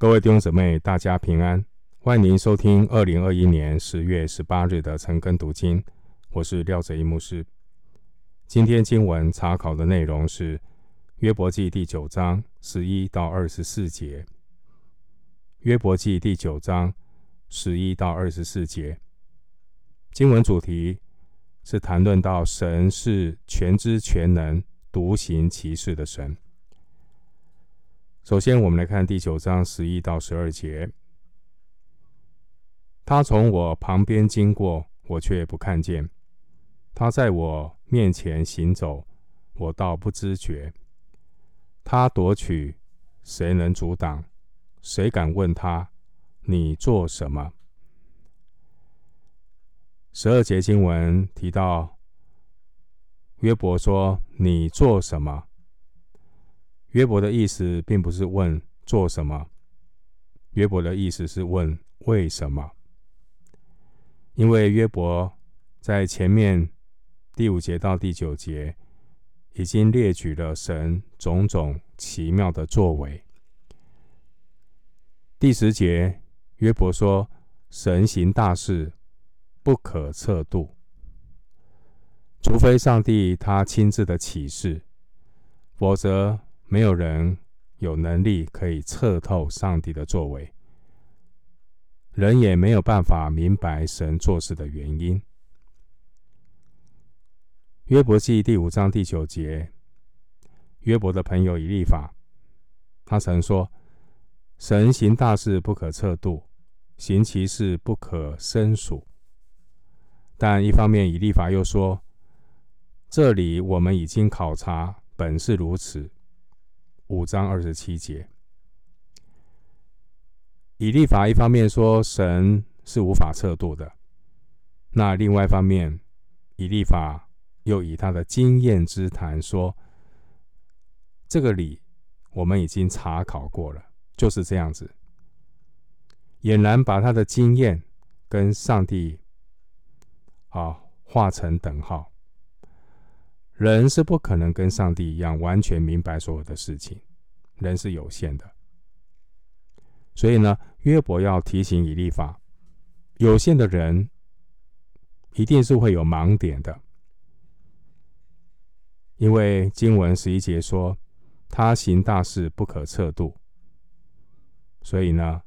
各位弟兄姊妹，大家平安，歡迎您收聽二零二一年十月十八日的晨更讀經。我是廖澤一牧師。今天經文查考的內容是約伯記第九章十一到二十四節。約伯記第九章十一到二十四節，經文主題是談論到神是全知全能、獨行奇事的神。首先，我們來看第九章十一到十二節。他從我旁邊經過，我卻不看見；他在我面前行走，我倒不知覺。他奪取，誰能阻擋？誰敢問他？你做什麼？十二節經文提到，約伯說：“你做什麼？”約伯的意思並不是問做什麼，約伯的意思是問為什麼。因為約伯在前面第五節到第九節已經列舉了神種種奇妙的作為。第十節，約伯說：“神行大事，不可測度。”除非上帝他親自的啟示，否則。沒有人有能力可以測透上帝的作為，人也沒有辦法明白神做事的原因。約伯記第五章第九節，約伯的朋友以利法，他曾說：“神行大事不可測度，行奇事不可勝數。”但一方面，以利法又說：“這裡我們已經考察，本是如此。”五章二十七節，以利法一方面說神是無法測度的，那另外一方面，以利法又以他的經驗之談說，這個理我們已經查考過了，就是這樣子，儼然把他的經驗跟上帝好，啊，畫成等號。人是不可能跟上帝一樣完全明白所有的事情，人是有限的。所以呢，約伯要提醒以利法，有限的人一定是會有盲點的。因為經文十一節說，他行大事不可測度。所以呢，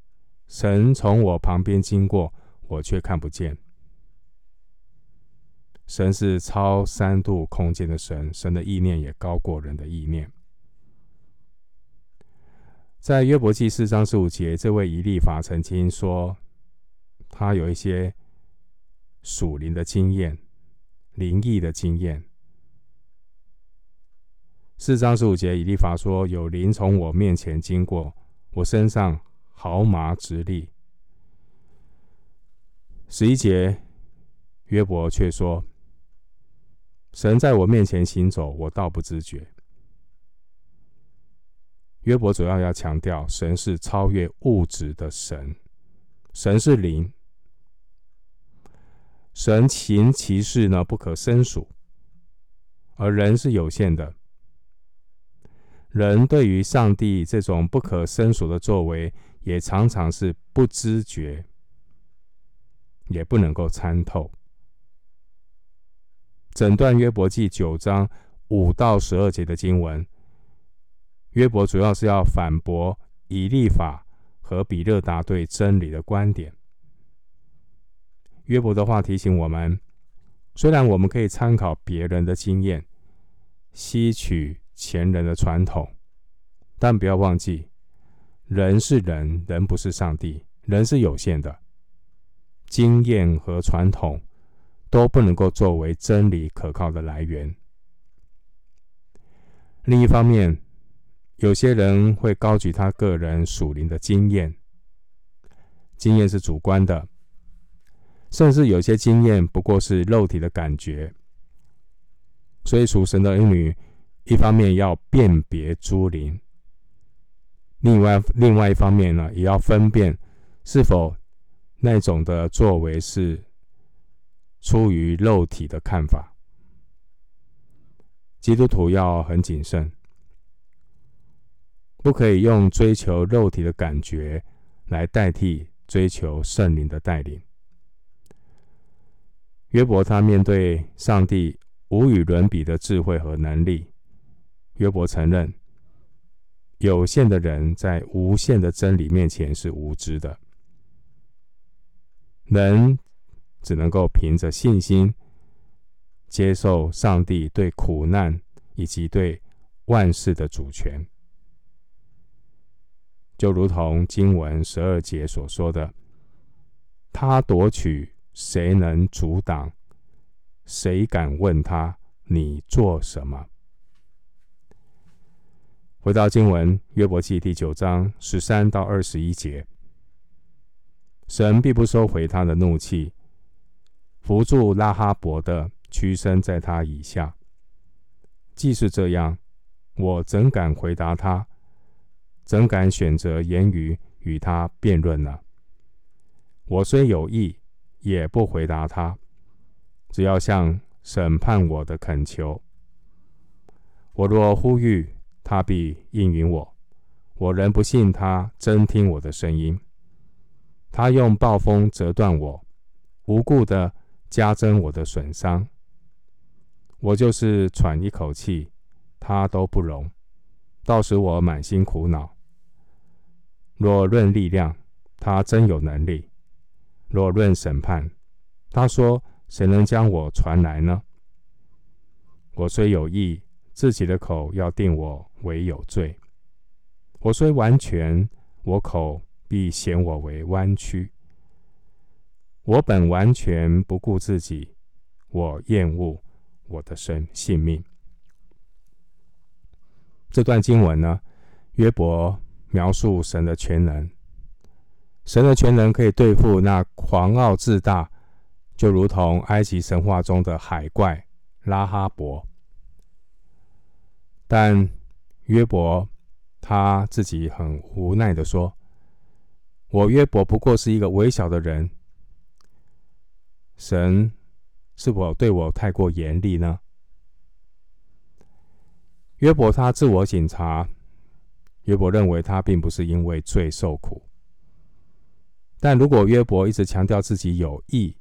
神從我旁邊經過，我卻看不見。神是超三度空間的神，神的意念也高過人的意念。在約伯記四章十五節，這位以利法曾經說，他有一些屬靈的經驗、靈異的經驗。四章十五節，以利法說，有靈從我面前經過，我身上毫毛直立。十一節，約伯卻說。神在我面前行走，我倒不知覺。約伯主要要強調，神是超越物質的神，神是靈，神行奇事呢不可勝數。而人是有限的，人對於上帝這種不可勝數的作為，也常常是不知覺，也不能夠參透。整段約伯記九章五到十二節的經文，約伯主要是要反駁以利法和比勒達對真理的觀點。約伯的話提醒我們，雖然我們可以參考別人的經驗，吸取前人的傳統，但不要忘記，人是人，人不是上帝，人是有限的，經驗和傳統。都不能夠作為真理可靠的來源。另一方面，有些人會高舉他個人屬靈的經驗，經驗是主觀的，甚至有些經驗不過是肉體的感覺。所以，屬神的兒女一方面要辨別諸靈，另外另外一方面呢，也要分辨是否那種的作為是。出於肉體的看法，基督徒要很謹慎，不可以用追求肉體的感覺來代替追求聖靈的帶領。約伯他面對上帝無與倫比的智慧和能力，約伯承認，有限的人在無限的真理面前是無知的，能。只能夠憑着信心接受上帝對苦難以及對萬事的主權，就如同經文十二節所說的：“他奪取，誰能阻擋？誰敢問他，你做什麼？”回到經文約伯記第九章十三到二十一節，神必不收回他的怒氣。扶助拉哈伯的，屈身在他以下。既是這樣，我怎敢回答他？怎敢選擇言語與他辯論呢？我雖有義，也不回答他。只要向審判我的懇求。我若呼籲，他必應允我。我仍不信他真聽我的聲音。他用暴風折斷我，無故的。加增我的損傷，我就是喘一口氣，他都不容，倒使我滿心苦惱。若論力量，他真有能力；若論審判，他說誰能將我傳來呢？我雖有義，自己的口要定我為有罪；我雖完全，我口必顯我為彎曲。我本完全，不顧自己，我厭惡我的神性命。這段經文呢，約伯描述神的全能，神的全能可以對付那狂傲自大，就如同埃及神話中的海怪拉哈伯。但約伯他自己很無奈地說：“我約伯不過是一個微小的人。”神是否對我太過嚴厲呢？約伯他自我檢查，約伯認為他並不是因為罪受苦。但如果約伯一直強調自己有義，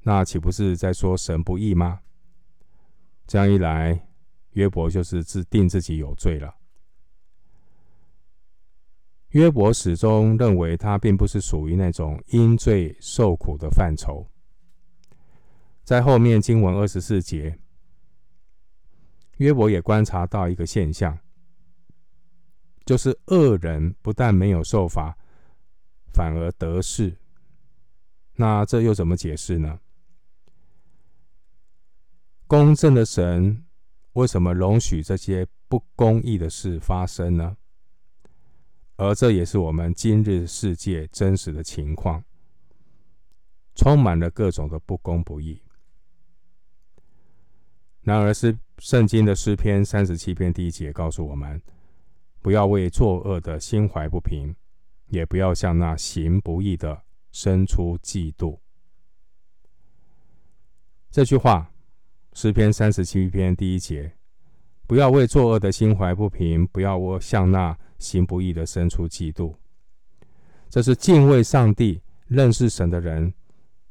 那豈不是在說神不義嗎？這樣一來，約伯就是自定自己有罪了。約伯始終認為他並不是屬於那種因罪受苦的範疇。在後面經文二十四節，約伯也觀察到一個現象，就是惡人不但沒有受罰，反而得勢。那這又怎麼解釋呢？公正的神為什麼容許這些不公義的事發生呢？而這也是我們今日世界真實的情況，充滿了各種的不公不義。然而，詩《聖經》的詩篇三十七篇第一節告訴我們：不要為作惡的心懷不平，也不要向那行不義的生出嫉妒。這句話，《詩篇》三十七篇第一節：不要為作惡的心懷不平，不要向那行不義的生出嫉妒。這是敬畏上帝、認識神的人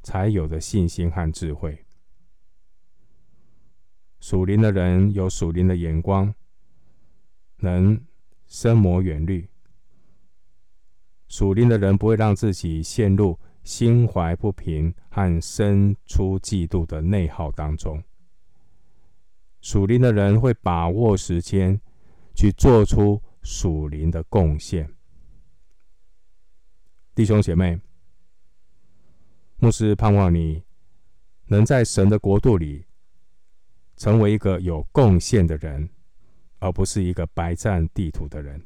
才有的信心和智慧。屬靈的人有屬靈的眼光，能深謀遠慮。屬靈的人不會讓自己陷入心懷不平和生出嫉妒的內耗當中。屬靈的人會把握時間，去做出屬靈的貢獻。弟兄姐妹，牧師盼望你能在神的國度裡。成為一個有貢獻的人，而不是一個白占地土的人。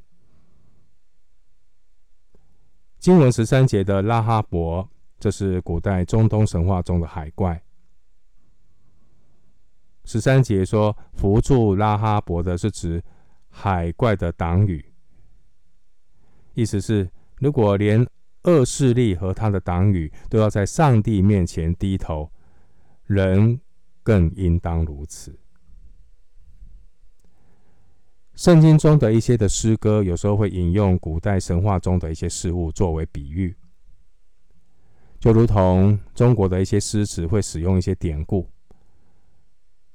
經文十三節的拉哈伯，這是古代中東神話中的海怪。十三節說，扶助拉哈伯的是指海怪的黨羽，意思是，如果連惡勢力和他的黨羽都要在上帝面前低頭，人。更應當如此。聖經中的一些的詩歌，有時候會引用古代神話中的一些事物作為比喻，就如同中國的一些詩詞會使用一些典故。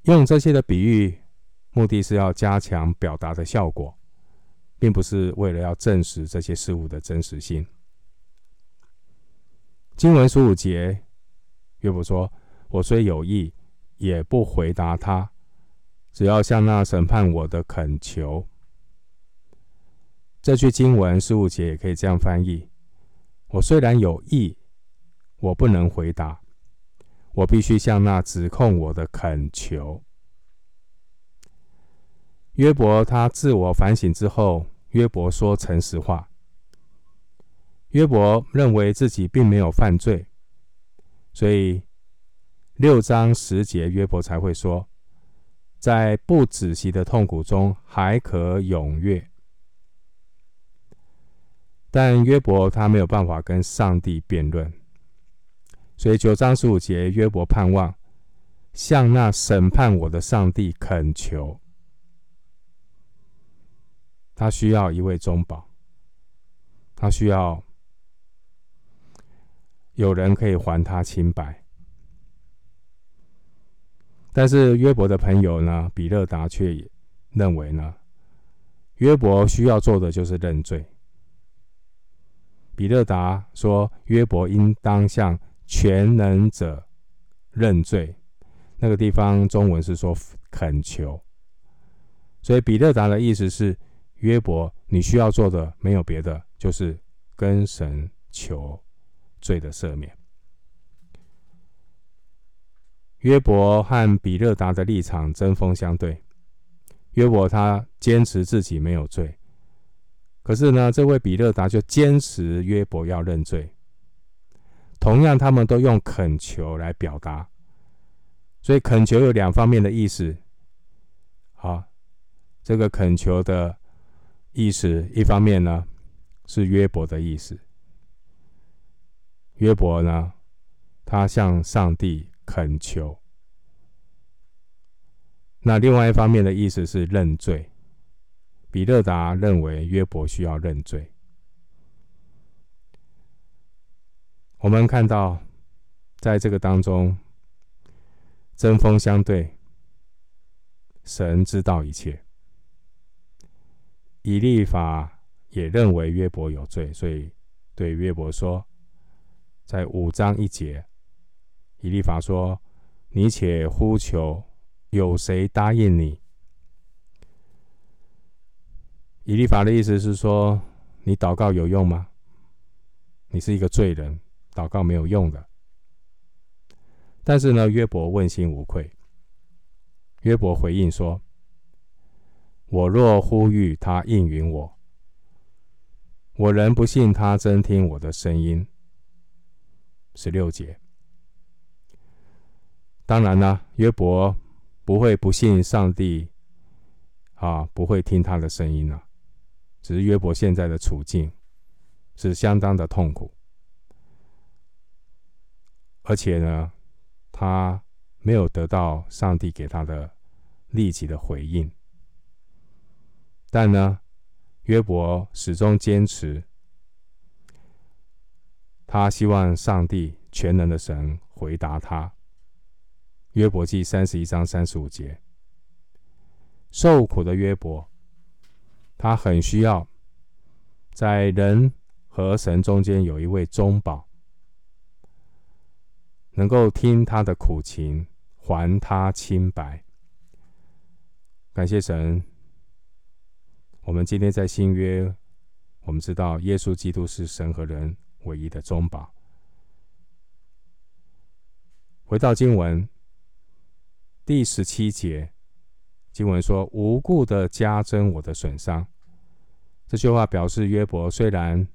用這些的比喻，目的是要加強表達的效果，並不是為了要證實這些事物的真實性。經文十五節，約伯說：“我雖有義。”也不回答他，只要向那審判我的懇求。這句經文，十五節也可以這樣翻譯：我雖然有義，我不能回答，我必須向那指控我的懇求。約伯他自我反省之後，約伯說誠實話。約伯認為自己並沒有犯罪，所以。六章十節，約伯才會說，在不止息的痛苦中，還可踴躍。但約伯他沒有辦法跟上帝辯論，所以九章十五節，約伯盼望向那審判我的上帝懇求。他需要一位中保，他需要有人可以還他清白。但是約伯的朋友呢，比勒達卻認為呢，約伯需要做的就是認罪。比勒達說，約伯應當向全能者認罪。那個地方中文是說懇求，所以比勒達的意思是，約伯你需要做的沒有別的，就是跟神求罪的赦免。約伯和比勒達的立場針鋒相對。約伯他堅持自己沒有罪，可是呢，這位比勒達就堅持約伯要認罪。同樣，他們都用懇求來表達，所以懇求有兩方面的意思。好，這個懇求的意思，一方面呢，是約伯的意思。約伯呢，他向上帝。懇求。那另外一方面的意思是認罪。比勒達認為約伯需要認罪。我們看到，在這個當中，針鋒相對。神知道一切。以利法也認為約伯有罪，所以對約伯說，在五章一節。以利法說：“你且呼求，有誰答應你？”以利法的意思是說：“你禱告有用嗎？你是一個罪人，禱告沒有用的。”但是呢，約伯問心無愧。約伯回應說：“我若呼籲他應允我，我仍不信他真聽我的聲音。”十六節。當然啦，約伯不會不信上帝，啊，不會聽他的聲音了啊。只是約伯現在的處境是相當的痛苦，而且呢，他沒有得到上帝給他的立即的回應。但呢，約伯始終堅持，他希望上帝全能的神回答他。約伯記三十一章三十五節，受苦的約伯，他很需要在人和神中間有一位中保，能夠聽他的苦情，還他清白。感謝神，我們今天在新約，我們知道耶穌基督是神和人唯一的中保。回到經文。第十七節經文說：“無故地加增我的損傷。”這句話表示約伯雖然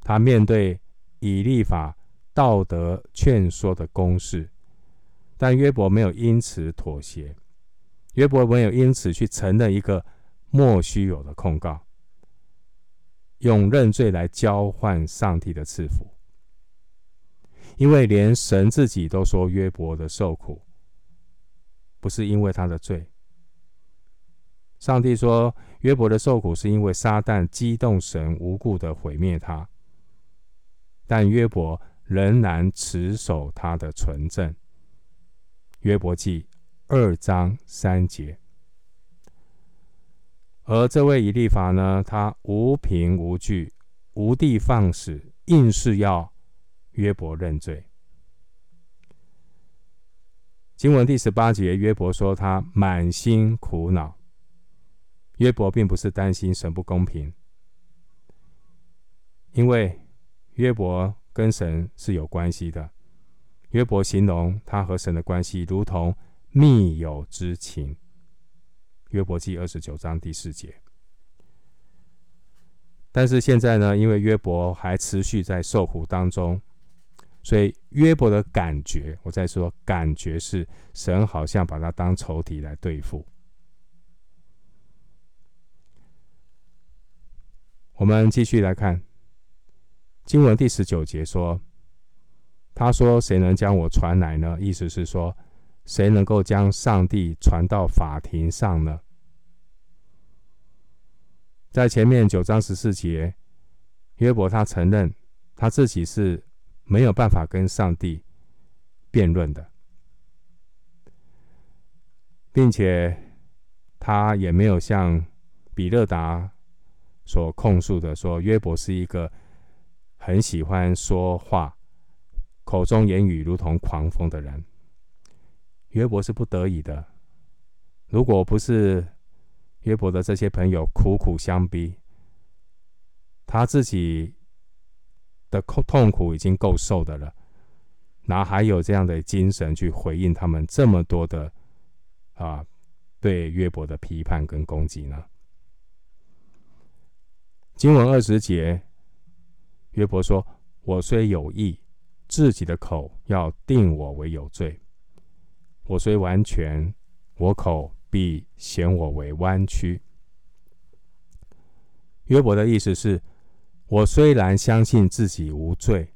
他面對以利法道德勸說的攻勢，但約伯沒有因此妥協，約伯沒有因此去承認一個莫須有的控告，用認罪來交換上帝的賜福，因為連神自己都說約伯的受苦。不是因為他的罪，上帝說約伯的受苦是因為撒旦激動神無故的毀滅他，但約伯仍然持守他的純正。約伯記二章三節。而這位以利法呢，他無憑無據，無的放矢，硬是要約伯認罪。經文第十八節，約伯說他滿心苦惱。約伯並不是擔心神不公平，因為約伯跟神是有關係的。約伯形容他和神的關係如同密友之情。約伯記二十九章第四節。但是現在呢，因為約伯還持續在受苦當中。所以約伯的感覺，我在說，感覺是神好像把他當仇敵來對付。我們繼續來看經文第十九節，說：“他說，誰能將我傳來呢？”意思是說，誰能夠將上帝傳到法庭上呢？在前面九章十四節，約伯他承認他自己是。沒有辦法跟上帝辯論的，並且他也沒有像比勒達所控訴的說，約伯是一個很喜歡說話，口中言語如同狂風的人。約伯是不得已的，如果不是約伯的這些朋友苦苦相逼，他自己。的痛苦已經夠受的了，哪還有這樣的精神去回應他們這麼多的啊對約伯的批判跟攻擊呢？經文二十節，約伯說：“我雖有義，自己的口要定我為有罪；我雖完全，我口必顯我為彎曲。”約伯的意思是。我雖然相信自己無罪，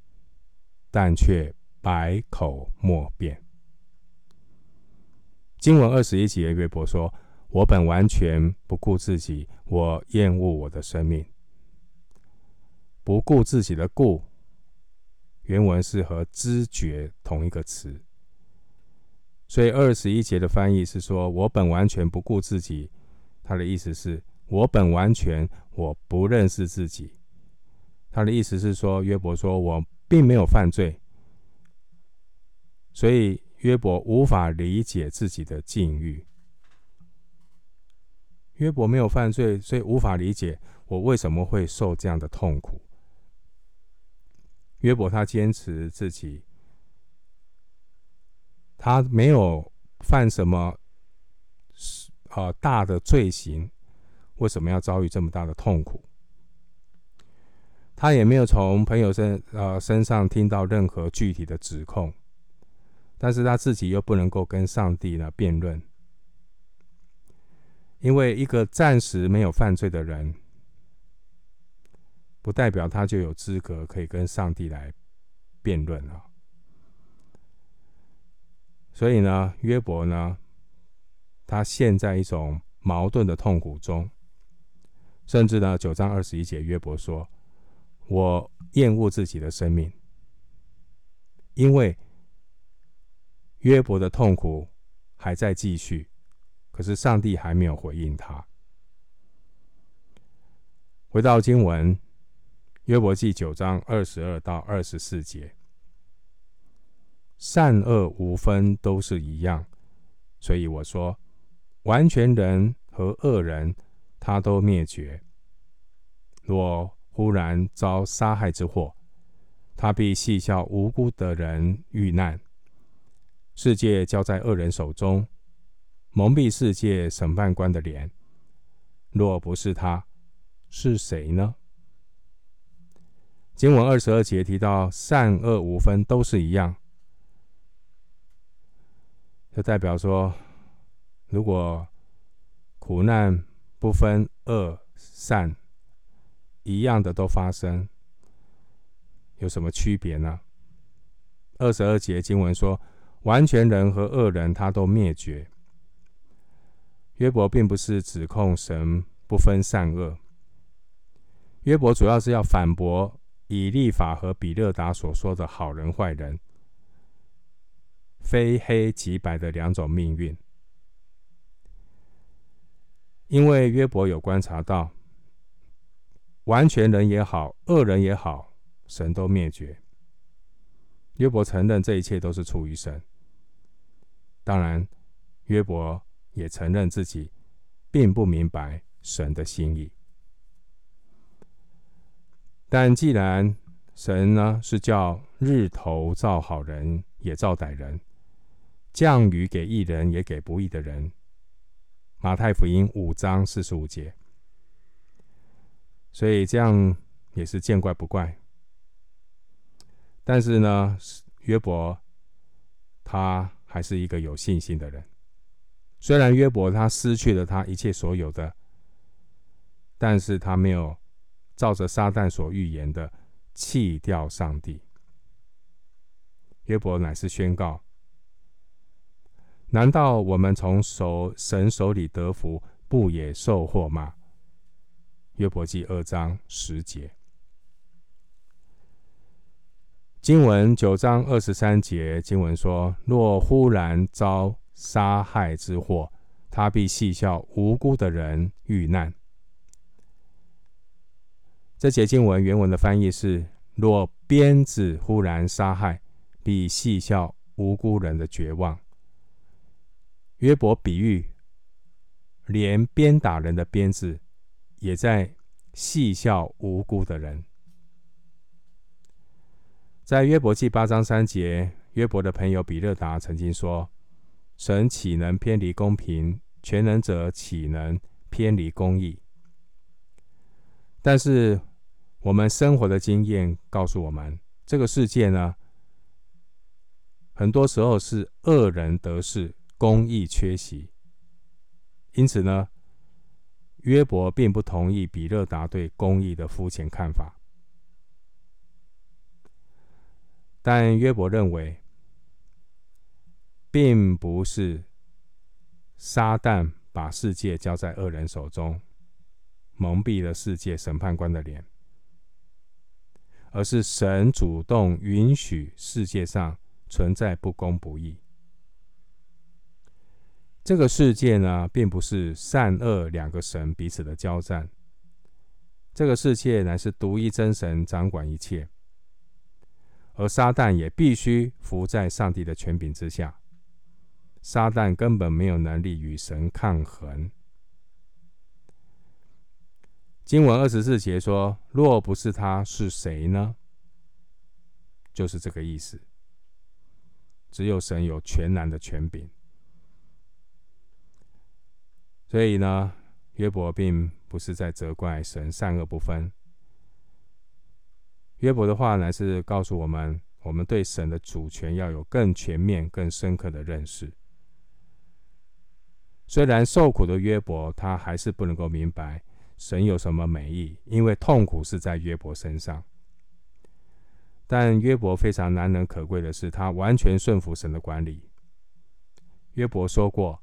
但却百口莫辯。經文二十一節的約伯說：“我本完全不顧自己，我厭惡我的生命。”不顧自己的「顧」，原文是和知覺同一個詞，所以二十一節的翻譯是說：“我本完全不顧自己。”他的意思是：“我本完全，我不認識自己。”他的意思是說，約伯說：“我並沒有犯罪，所以約伯無法理解自己的境遇。約伯沒有犯罪，所以無法理解我為什麼會受這樣的痛苦。約伯他堅持自己，他沒有犯什麼，是、呃、啊，大的罪行，為什麼要遭遇這麼大的痛苦？”他也沒有從朋友身呃身上聽到任何具體的指控，但是他自己又不能夠跟上帝呢辯論，因為一個暫時沒有犯罪的人，不代表他就有資格可以跟上帝來辯論啊。所以呢，約伯呢，他陷在一種矛盾的痛苦中，甚至呢，九章二十一節，約伯說。我厭惡自己的生命，因為約伯的痛苦還在繼續，可是上帝還沒有回應他。回到經文，《約伯記》九章二十二到二十四節，善惡無分，都是一樣。所以我說，完全人和惡人，他都滅絕。若。忽然遭殺害之禍，他必戲笑無辜的人遇難。世界交在惡人手中，蒙蔽世界審判官的臉。若不是他，是誰呢？經文二十二節提到善惡無分，都是一樣。這代表說，如果苦難不分惡善。一樣的都發生，有什麼區別呢、啊？二十二節經文說，完全人和惡人他都滅絕。約伯並不是指控神不分善惡，約伯主要是要反駁以利法和比勒達所說的“好人壞人，非黑即白”的兩種命運，因為約伯有觀察到。完全人也好，惡人也好，神都滅絕。約伯承認這一切都是出於神。當然，約伯也承認自己並不明白神的心意。但既然神呢是叫日頭照好人，也照歹人；降雨給義人，也給不義的人。馬太福音五章四十五節。所以這樣也是見怪不怪。但是呢，約伯他還是一個有信心的人。雖然約伯他失去了他一切所有的，但是他沒有照着撒旦所預言的棄掉上帝。約伯乃是宣告：難道我們從手神手裡得福，不也受禍嗎？約伯記二章十節，經文九章二十三節，經文說：若忽然遭殺害之禍，他必戲笑無辜的人遇難。這節經文原文的翻譯是：若鞭子忽然殺害，必戲笑無辜人的絕望。約伯比喻，連鞭打人的鞭子。也在戲笑無辜的人。在約伯記八章三節，約伯的朋友比勒達曾經說：“神豈能偏離公平？全能者豈能偏離公義？”但是，我們生活的經驗告訴我們，這個世界呢，很多時候是惡人得勢，公義缺席。因此呢，約伯並不同意比勒達對公義的膚淺看法，但約伯認為，並不是撒旦把世界交在惡人手中，蒙蔽了世界審判官的臉，而是神主動允許世界上存在不公不義。這個世界呢，並不是善惡兩個神彼此的交戰。這個世界乃是獨一真神掌管一切，而撒旦也必須伏在上帝的權柄之下。撒旦根本沒有能力與神抗衡。經文二十四節說：“若不是他，是誰呢？”就是這個意思。只有神有全然的權柄。所以呢，約伯並不是在責怪神善惡不分。約伯的話乃是告訴我們，我們對神的主權要有更全面、更深刻的認識。雖然受苦的約伯，他還是不能夠明白神有什麼美意，因為痛苦是在約伯身上。但約伯非常難能可貴的是，他完全順服神的管理。約伯說過。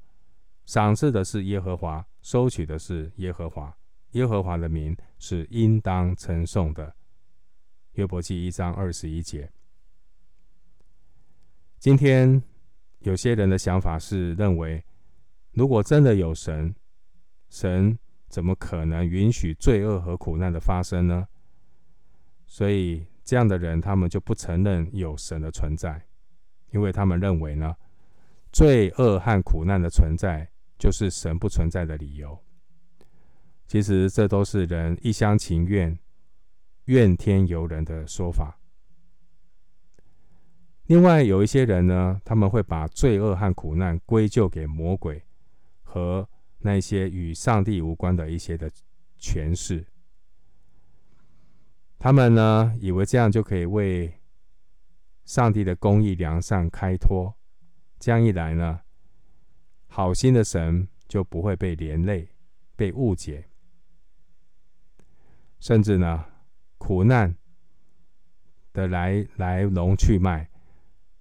賞賜的是耶和華，收取的是耶和華。耶和華的名是應當稱頌的。約伯記一章二十一節。今天有些人的想法是認為，如果真的有神，神怎麼可能允許罪惡和苦難的發生呢？所以這樣的人，他們就不承認有神的存在，因為他們認為呢，罪惡和苦難的存在。就是神不存在的理由。其實這都是人一廂情願、怨天尤人的說法。另外有一些人呢，他們會把罪惡和苦難歸咎給魔鬼和那些與上帝無關的一些的權勢。他們呢，以為這樣就可以為上帝的公義良善開脫。這樣一來呢，好心的神就不會被連累、被誤解，甚至呢，苦難的來來龍去脈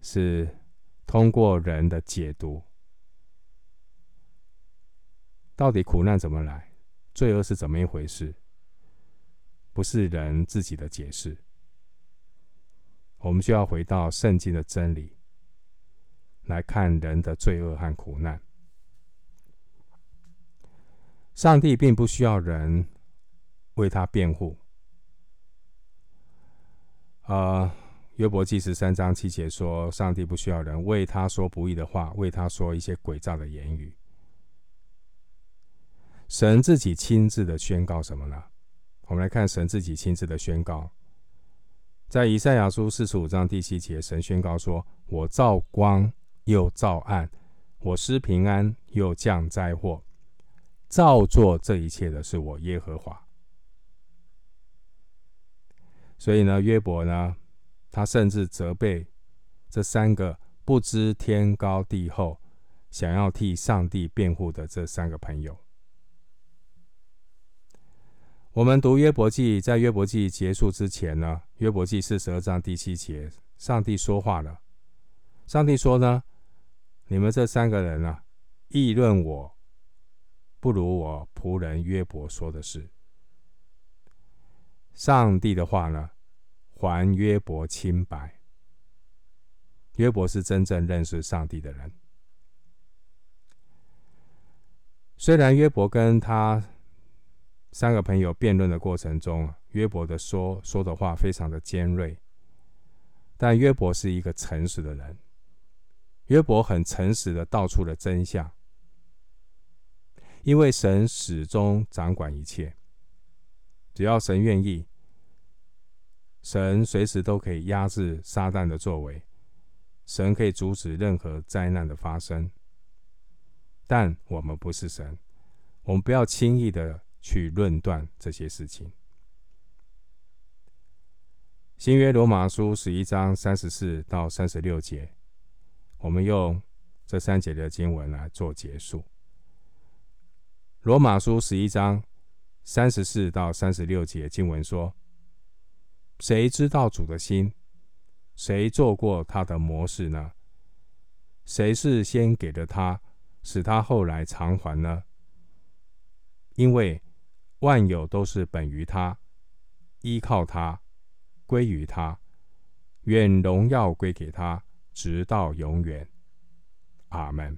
是通過人的解讀。到底苦難怎麼來？罪惡是怎麼一回事？不是人自己的解釋。我們需要回到聖經的真理來看人的罪惡和苦難。上帝並不需要人為他辯護。呃，《約伯記》十三章七節說：“上帝不需要人為他說不義的話，為他說一些詭詐的言語。”神自己親自的宣告什麼呢？我們來看神自己親自的宣告，在以賽亞書四十五章第七節，神宣告說：“我造光，又造暗；我施平安，又降災禍。”造作這一切的是我耶和華，所以呢，約伯呢，他甚至責備這三個不知天高地厚、想要替上帝辯護的這三個朋友。我們讀約伯記，在約伯記結束之前呢，約伯記四十二章第七節，上帝說話了。上帝說呢，你們這三個人呢、啊，議論我。不如我僕人約伯說的是，上帝的話呢，還約伯清白。約伯是真正認識上帝的人。雖然約伯跟他三個朋友辯論的過程中，約伯的說說的話非常的尖銳，但約伯是一個誠實的人。約伯很誠實的道出了真相。因為神始終掌管一切，只要神願意，神隨時都可以壓制撒旦的作為，神可以阻止任何災難的發生。但我們不是神，我們不要輕易的去論斷這些事情。新約羅馬書十一章三十四到三十六節，我們用這三節的經文來做結束。羅馬書十一章三十四到三十六節經文說：“誰知道主的心？誰做過他的謀士呢？誰是先給了他，使他後來償還呢？因為萬有都是本於他，依靠他，歸於他，願榮耀歸給他，直到永遠。阿門。”